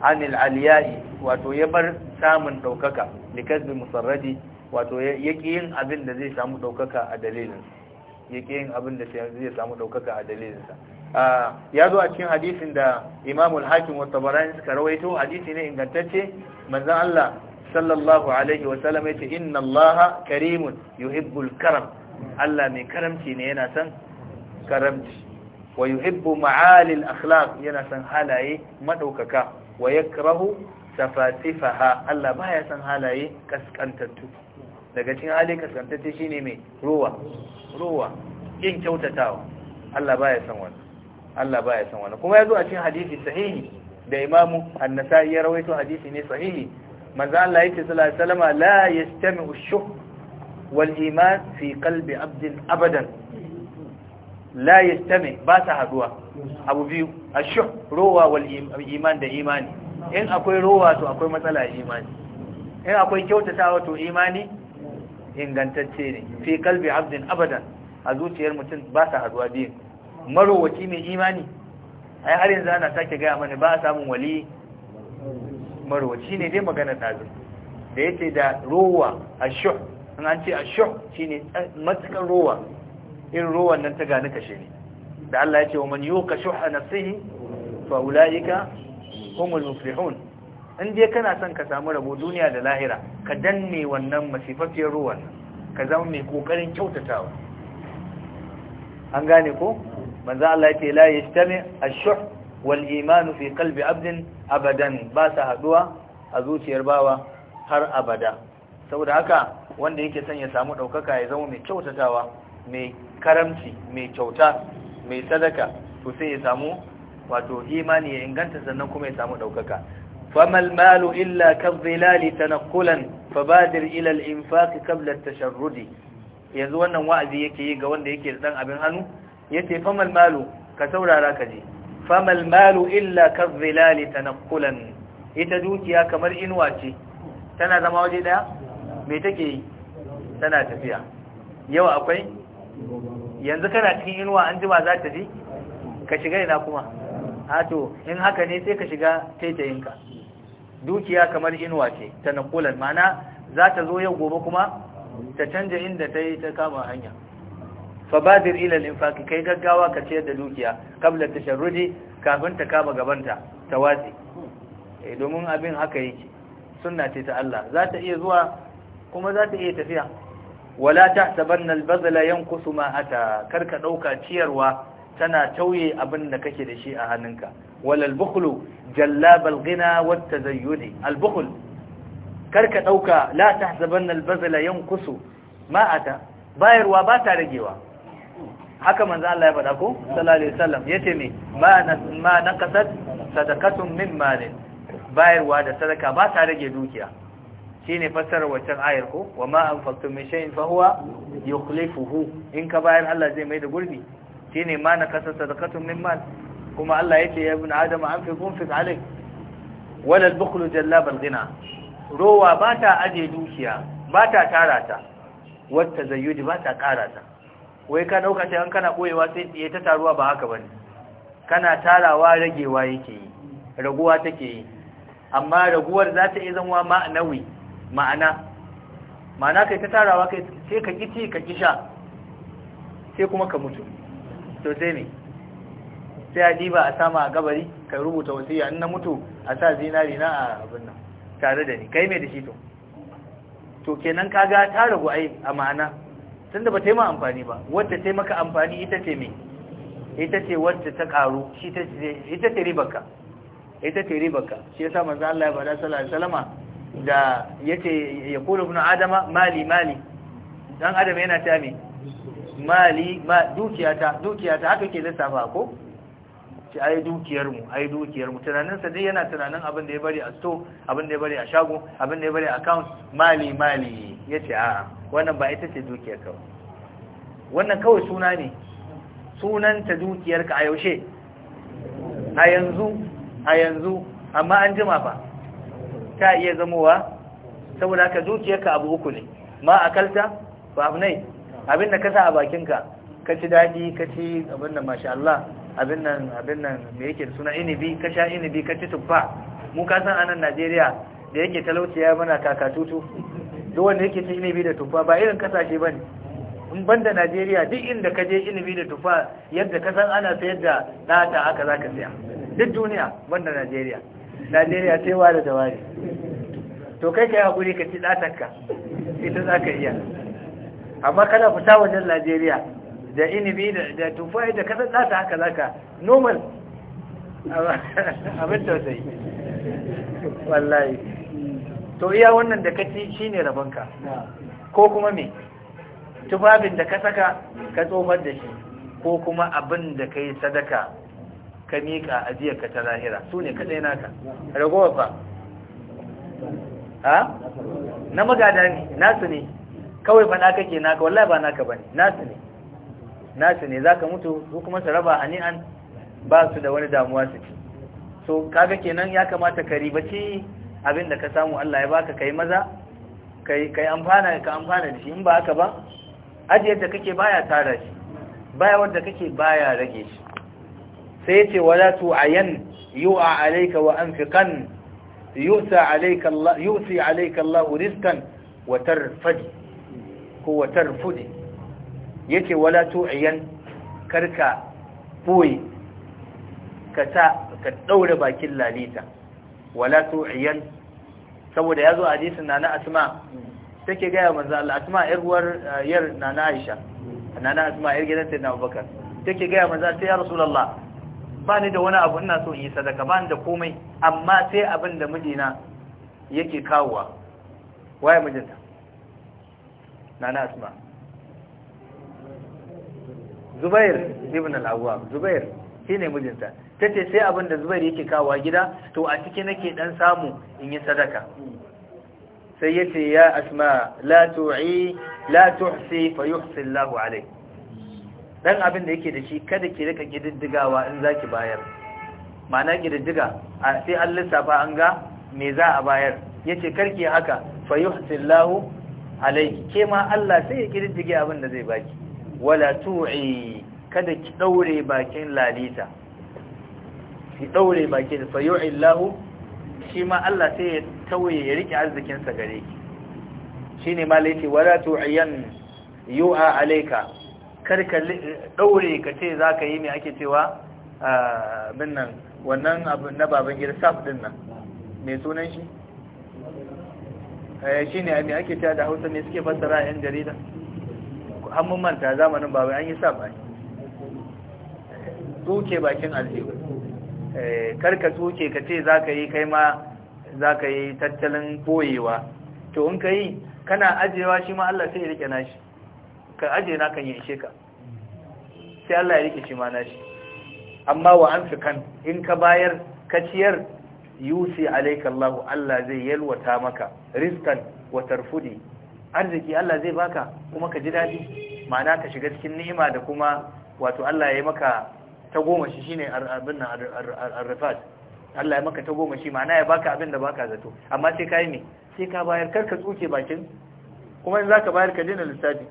anil aliyai wato ya bar samun daukaka likasbi musarradi wato yake yin abin da zai samu daukaka a dalilin yake yin abin da zai samu daukaka a dalilinsa ya zo a cikin hadisin da Imam al-Hakim wa Tabarani suka rawaito hadisi ne ingantacce manzon Allah sallallahu alaihi wa sallam yace inna Allah karimun yuhibbul karam Allah mai karamci ne yana san karamci wa yuhibbu ma'ali al-akhlaq yana san halaye madaukaka wa yakrahu safasifaha Allah baya san halaye kaskantattu daga cikin halaye kaskantattu shine mai ruwa ruwa yin kyautatawa Allah baya san wannan Allah ba ya san wani kuma zo a cikin hadisi sahihi da imamu annasa ya rawaito hadisi ne sahihi manzo Allah yake sallallahu alaihi wasallama la yastami'u ash-shuh wal iman fi qalbi 'abdin abadan la yastami ba sa haduwa abu biyu ash-shuh rowa wal iman da imani in akwai rowa to akwai matsala imani in akwai kyautatawa to imani ingantacce ne fi qalbi 'abdin abadan a zuciyar mutum ba sa haduwa biyu marowaci mai imani ai har yanzu ana sake gaya mana ba a samun wali marowaci ne dai magana tazin da yake da rowa ashuh in an ce shi ne eh, matukan rowa in rowan nan ta gani kashe ne da Allah ya ce wa man a shuha fa'ula fa ka humul mufrihun in dai kana son ka samu rabo duniya da lahira ka danne wannan masifafiyar ruwan ka zama mai kokarin kyautatawa an gane ko manzo Allah yake la yajtami ash-shuh wal iman fi qalbi abdin abadan ba sa haduwa a zuciyar bawa har abada saboda haka wanda yake son ya samu daukaka ya zama mai kyautatawa mai karamci mai kyauta mai sadaka to sai ya samu wato imani ya inganta sannan kuma ya samu daukaka famal malu illa kadhilali tanqulan fabadir ila al-infaq qabla at-tasharrud yanzu wannan wa'azi yake yi ga wanda yake da dan abin hannu yace famal malu ka saurara ka je famal malu illa zilali tanqulan ita dukiya kamar inuwa ce tana zama waje daya me take yi tana tafiya yau akwai yanzu kana cikin inuwa an ba za ta ji ka shiga ina kuma to in haka ne sai ka shiga taitayinka dukiya kamar inuwa ce tanqulan nakulan mana za ta zo yau gobe kuma ta canja inda ta yi ta kama hanya fabadir ila al-infaq kai gaggawa ka ciyar da dukiya kabla tasharruji kafin ta kama gabanta ta watsi eh domin abin haka yake sunna ce ta Allah za ta iya zuwa kuma za ta iya tafiya wala tahsabanna al-bazla yanqusu ma ata karka dauka ciyarwa tana tauye abin da kake da shi a hannunka walal bukhlu jallab al-ghina wat tazayyuni al-bukhl karka dauka la tahsabanna al-bazla yanqusu ma ata bayarwa ba ta ragewa haka manzo Allah ya faɗa ko sallallahu alaihi wasallam yace me ba na ma naqasat sadaqatun min malin bayarwa da sadaka ba ta rage dukiya shine fassarar wancan ayar ko wa ma anfaqtum min shay'in fa huwa yukhlifuhu in ka bayar Allah zai mai da gurbi shine ma naqasat sadaqatun min mal kuma Allah yace ya ibn adam anfiqu fi alayk wala al-bukhlu jallab al-ghina rowa ba ta aje dukiya ba ta tara ta wata zayyudi ba ta karata. wai ka ɗauka sai an kana ɓoyewa sai tsaye ta taruwa ba haka bane kana tarawa ragewa yake yi raguwa take yi amma raguwar za ta iya zama ma'anawi ma'ana ma'ana kai ta tarawa kai sai ka ƙi ka sha, sai kuma ka mutu to sai ne sai a diba a sama a gabari ka rubuta wasiya in na mutu a sa zinari na a abin nan tare da ni kai mai da shi to to kenan kaga ta ragu ai a ma'ana tunda ba taimaka amfani ba wadda taimaka amfani ita ce mai ita ce wadda ta karu ita ce ribarka ita ce ribarka shi ya sa maza Allah ya bada sallallahu salama da da ce ya kula ibn adama mali mali dan adama yana ta mai mali dukiyata dukiyata haka ke lissafa ko ce ai dukiyar mu ai dukiyar mu tunanin sa dai yana tunanin abin da ya bari a sto abin da ya bari a shago abin da ya bari a account mali mali yace a wannan ba ita ce dukiyar ka wannan kawai suna ne sunan ta dukiyar ka a yaushe a yanzu a yanzu amma an jima fa ta iya zamowa saboda ka dukiyar ka abu uku ne ma akalta ba ne abin da ka sa a bakinka ka ci daɗi ka ci abin da masha Allah abin nan abin nan me yake da suna inibi ka sha inibi ka ci tuffa mu ka san anan Najeriya da yake talauci ya mana kakatutu duk wanda yake ci inibi da tuffa ba irin kasashe bane in banda Najeriya duk inda ka je inibi da tuffa yadda ka san ana sayar da data haka zaka siya duk duniya banda Najeriya Najeriya sai wa da dawari to kai kai hakuri ka ci datarka ita zaka iya amma kana fita wajen Najeriya da inibi da tufai da kasar ɗata haka zaka normal abin tausayi wallahi to iya wannan da ka ci shi ne rabonka ko kuma me tufafin da ka saka ka tsofar da shi ko kuma abin da ka yi sadaka ka miƙa ajiyarka ta lahira su ne kaɗai naka ragowa ba ha na magada ne nasu ne kawai fa kake naka wallahi ba naka ba ne nasu ne nasu ne zaka mutu su kuma su raba hani'an ba su da wani damuwa su ci so kaga kenan ya kamata ka ribaci abin da ka samu Allah ya baka kai maza kai kai amfana ka amfana da shi in ba haka ba ajiyar da kake baya tara shi baya wanda kake baya rage shi sai yace wala ayan yu'a alayka wa anfiqan yusa alayka Allah yusi alayka Allah rizqan wa tarfadi ko wa tarfudi yake wala tu'iyan karka boy ka ta ka daure bakin lalita wala tu'iyan saboda yazo hadisin nana asma take ga manzo Allah asma yar uwar uh, yar nana Aisha nana asma yar gidan sayyidina Abubakar take ga manzo sai ya rasulullah ba ni da wani abu ina so in yi sadaka ba ni da komai amma sai abin da mijina yake kawowa waye mijinta nana asma zubair ibn al-awwam zubair shine mijinta tace sai abin da zubair yake kawo gida to a ciki nake dan samu in yi sadaka sai yace ya asma la tu'i la tuhsi fa yuhsi Allahu alai. dan abin da yake da shi kada ki rika kididdigawa in zaki bayar ma'ana kididdiga sai an lissafa an ga me za a bayar yace karki haka fa yuhsi Allahu alayki ke ma Allah sai ya kididdige abin da zai baki wala tu'i kada ki daure bakin lalita ki daure bakin fa yu'illahu shi ma Allah sai ya tauye ya rike arzikin sa gare ki shine ma laifi wala tu'iyan yu'a alayka karka daure ka ce zaka yi me ake cewa bin nan wannan abu na baban saf din nan me sunan shi eh shine me ake cewa da Hausa ne suke fassara yan jarida hannun manta zamanin babai an yi sa baki tsoke bakin aljihu eh, karka tuke ka ce za ka yi kai ma za ka yi tattalin koyewa to in ka yi kana ajewa shi ma Allah sai ya rike nashi ka aje na kan yi ishe ka sai Allah ya rike shi ma nashi amma wa an fi kan in ka bayar ka ciyar yusi alaikallahu Allah Allah zai yalwata maka riskan wa tarfudi arziki Allah zai baka kuma ka ji daɗi ma'ana ka shiga cikin ni'ima da kuma wato Allah ya yi maka ta goma shi shine abin nan arrafat Allah ya maka ta goma shi ma'ana ya baka abin da baka zato amma sai kai ne sai ka bayar kar ka tsuke bakin kuma in zaka bayar ka dina lissafi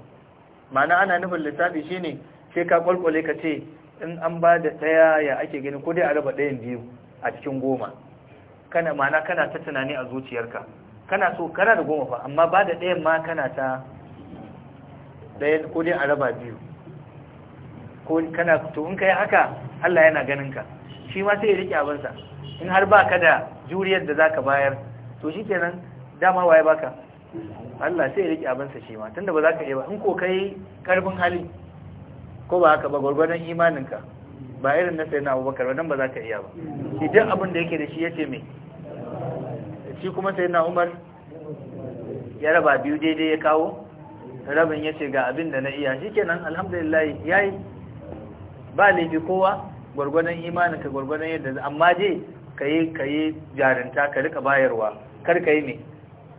ma'ana ana nufin lissafi shine sai ka kwalkwale ka ce in an ba da ɗaya ya ake gani ko dai a raba ɗayan biyu a cikin goma kana ma'ana kana ta tunani a zuciyarka kana so kana da goma fa amma ba da ɗayan ma kana ta ɗaya ko dai a raba biyu ko kana to in kai haka Allah yana ganin ka shi ma sai ya rike abinsa in har ba ka da juriyar da zaka bayar to shi kenan dama waye baka Allah sai ya rike abinsa shi ma tunda ba za ka iya ba in ko kai karfin hali ko ba haka ba gwargwadon imaninka ba irin na sayi na abubakar nan ba za ka iya ba idan abin da yake da shi ya ce mai shi kuma sai na umar ya raba biyu daidai ya kawo rabin ya ce ga abin da na iya shi kenan alhamdulillah ya yi ba laifi kowa gwargwadon imanin ka gwargwadon yadda amma je ka yi ka yi jarinta ka rika bayarwa kar ka yi ne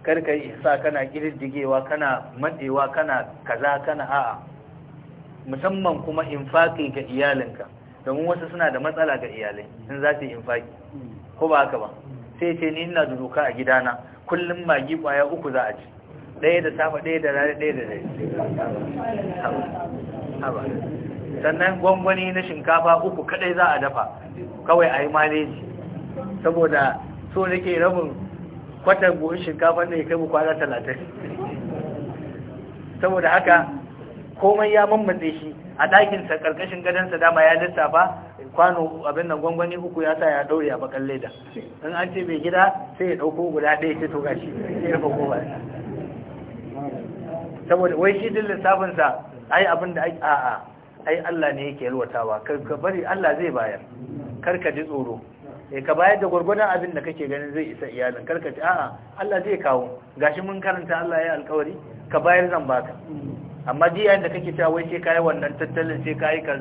kar ka yi sa kana kirdigewa kana matsewa kana kaza kana a'a musamman kuma infaki ga iyalinka domin wasu suna da matsala ga iyalai in za su yi infaki ko ba haka ba sai ce ni ina da doka a gidana kullum magi kwaya uku za a ci ɗaya da safa ɗaya da rana ɗaya da dare sannan gwangwani na shinkafa uku kadai za a dafa kawai a yi maleji saboda so nake rabin kwatar buhun shinkafa ne kai mu kwana talatin saboda haka komai ya mammatse shi a ɗakinsa ƙarƙashin gadonsa dama ya lissafa kwano abin nan gwangwani uku ya sa ya daure a bakan leda in an ce mai gida sai ya dauko guda ɗaya ce to shi sai ya dauko ba saboda wai shi dillin lissafin sa ai abin da a a'a ai Allah ne yake yalwatawa ka bari Allah zai bayar kar ka ji tsoro eh ka bayar da gurgurdan abin da kake ganin zai isa iyalin kar ka ji a'a Allah zai kawo gashi mun karanta Allah ya alkawari ka bayar zan baka amma diyan da kake cewa wai sai kai wannan tattalin sai kai ka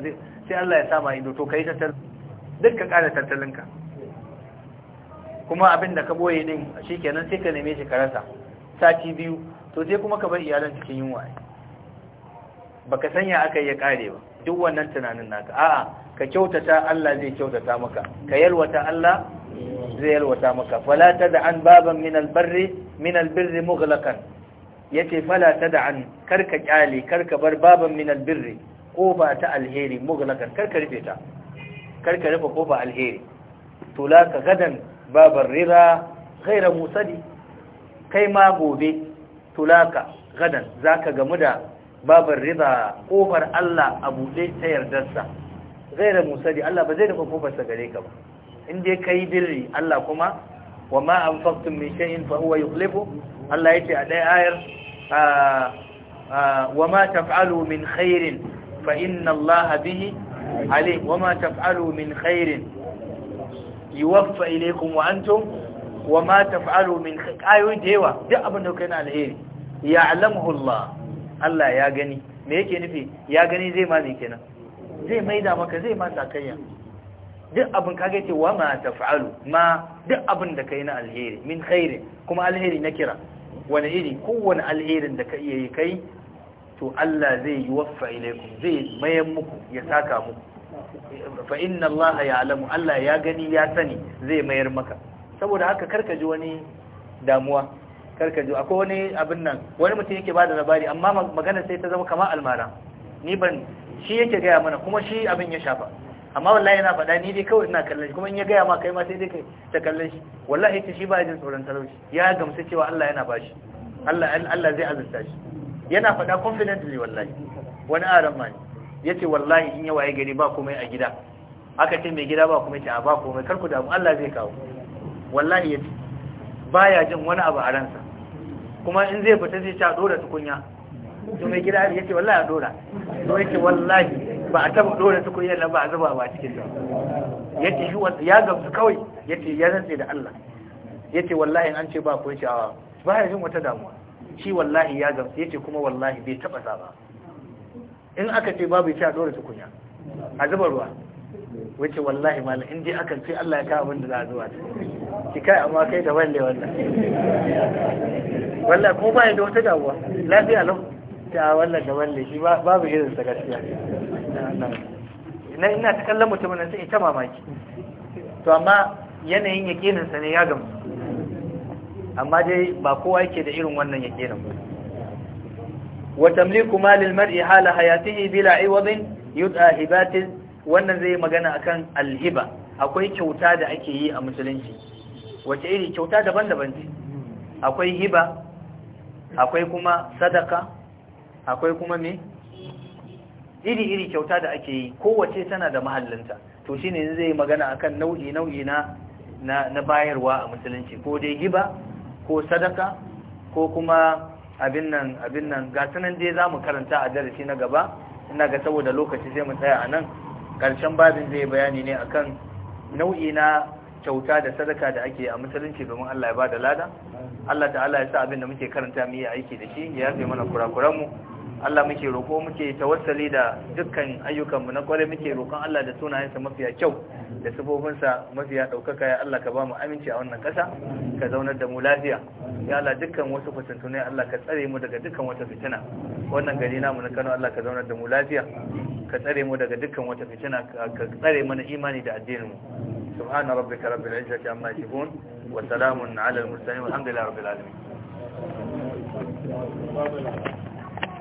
sai Allah ya sama ido to kai tattalin duk ka ƙara tattalinka kuma abin da ka boye din shikenan sai ka neme shi ka rasa sati biyu to sai kuma ka bar iyalan cikin yunwa baka sanya aka yi ya kare ba duk wannan tunanin naka a'a ka kyautata Allah zai kyautata maka ka yalwata Allah zai yalwata maka fala an baban min albarri min albirri mughlaqan yace fala an karka kyale karka bar baban min albirri kofa ta alheri mugulakar karka rufe ta karka rufe kofa alheri to la ka gadan babar rira ghaira musadi kai ma gobe to la ka gadan zaka gamu da babar rira kofar Allah a buɗe ta yardarsa ghaira musadi Allah ba zai rufe kofar sa gare ka ba in dai kai birri Allah kuma wa ma anfaqtum min shay'in fa huwa yukhlifu Allah yace a ɗaya ayar ah, ah, wa ma taf'alu min khairin fa inna Allah bihi alim ma taf'alu min khairin yuwaffa ilaykum wa antum wama taf'alu min ayoyi da yawa duk abin da kai na alheri Ya ya'lamuhu Allah Allah ya gani me yake nufi ya gani zai ma me kenan zai maida maka zai ma sakayya duk abin kage ce wa ma taf'alu ma duk abin da kai na alheri min khairi kuma alheri na kira wani iri kowane alherin da ka iya yi kai to Allah zai yi waffa ilaikum zai mayan muku ya saka muku fa inna Allah ya alamu Allah ya gani ya sani zai mayar maka saboda haka karka ji wani damuwa karka ji akwai wani abin nan wani mutum yake bada labari amma magana sai ta zama kamar almara ni ban shi yake gaya mana kuma shi abin ya shafa amma wallahi yana faɗa ni dai kawai ina kallon shi kuma in ya gaya ma kai ma sai dai kai ta kallon shi wallahi ita shi ba jin tsoron talauci ya gamsu cewa Allah yana bashi Allah Allah zai azurta shi yana faɗa confidently wallahi wani aran ma ne yace wallahi in yawa ya gari ba komai a gida aka ce mai gida ba komai ce a ba komai kar ku damu Allah zai kawo wallahi yace baya jin wani abu a ransa kuma in zai fita zai ci a ɗora tukunya to mai gida yace wallahi a ɗora, to yace wallahi ba a taba ɗora tukunya na ba a zuba ba cikin ta yace shi ya gamsu kawai yace ya rantse da Allah yace wallahi an ce ba komai ce a baya jin wata damuwa shi wallahi ya gamsu yace kuma wallahi bai taba zaba in aka ce babu ya a dora tukunya a zuba ruwa wace wallahi malam in dai akan ce Allah ya kawo abin da za a zuwa ki kai amma kai da walle wannan wallahi ko ba da wata damuwa lafiya lau ta wallahi da wanda shi babu irin sa gaskiya ina ina ta kallon mutumin sai ita mamaki to amma yanayin yakinin sa ne ya gamsu amma dai ba kowa yake da irin wannan yake nan wa tamliku malil mar'i hala hayatihi bila iwadin yud'a hibatin wannan zai magana akan alhiba akwai kyauta da ake yi a musulunci wace iri kyauta daban-daban ce akwai hiba akwai kuma sadaka akwai kuma me iri-iri kyauta da ake yi kowace tana da mahallinta to shine zai magana akan nau'i nau'i na na bayarwa a musulunci ko dai hiba ko sadaka ko kuma abin nan abin nan ga sanan dai zamu karanta a darasi na gaba ina ga saboda lokaci sai mu tsaya a nan karshen babin zai bayani ne akan nau'i na kyauta da sadaka da ake a musulunci domin Allah ya bada lada Allah ta'ala ya sa abin da muke karanta mu yi aiki da shi ya yi mana kurakuran mu. Allah muke roƙo muke tawassali da dukkan ayyukanmu na kwarai muke roƙon Allah da sunayensa mafiya kyau da sifofinsa mafiya ɗaukaka ya Allah ka ba mu aminci a wannan ƙasa ka zaunar da mu lafiya ya Allah dukkan wasu fitintune Allah ka tsare mu daga dukkan wata fitina wannan gari namu na Kano Allah ka zaunar da mu lafiya ka tsare mu daga dukkan wata fitina ka tsare mana imani da addinin mu سبحان ربك رب العزة عما يصفون وسلام على المرسلين والحمد لله رب العالمين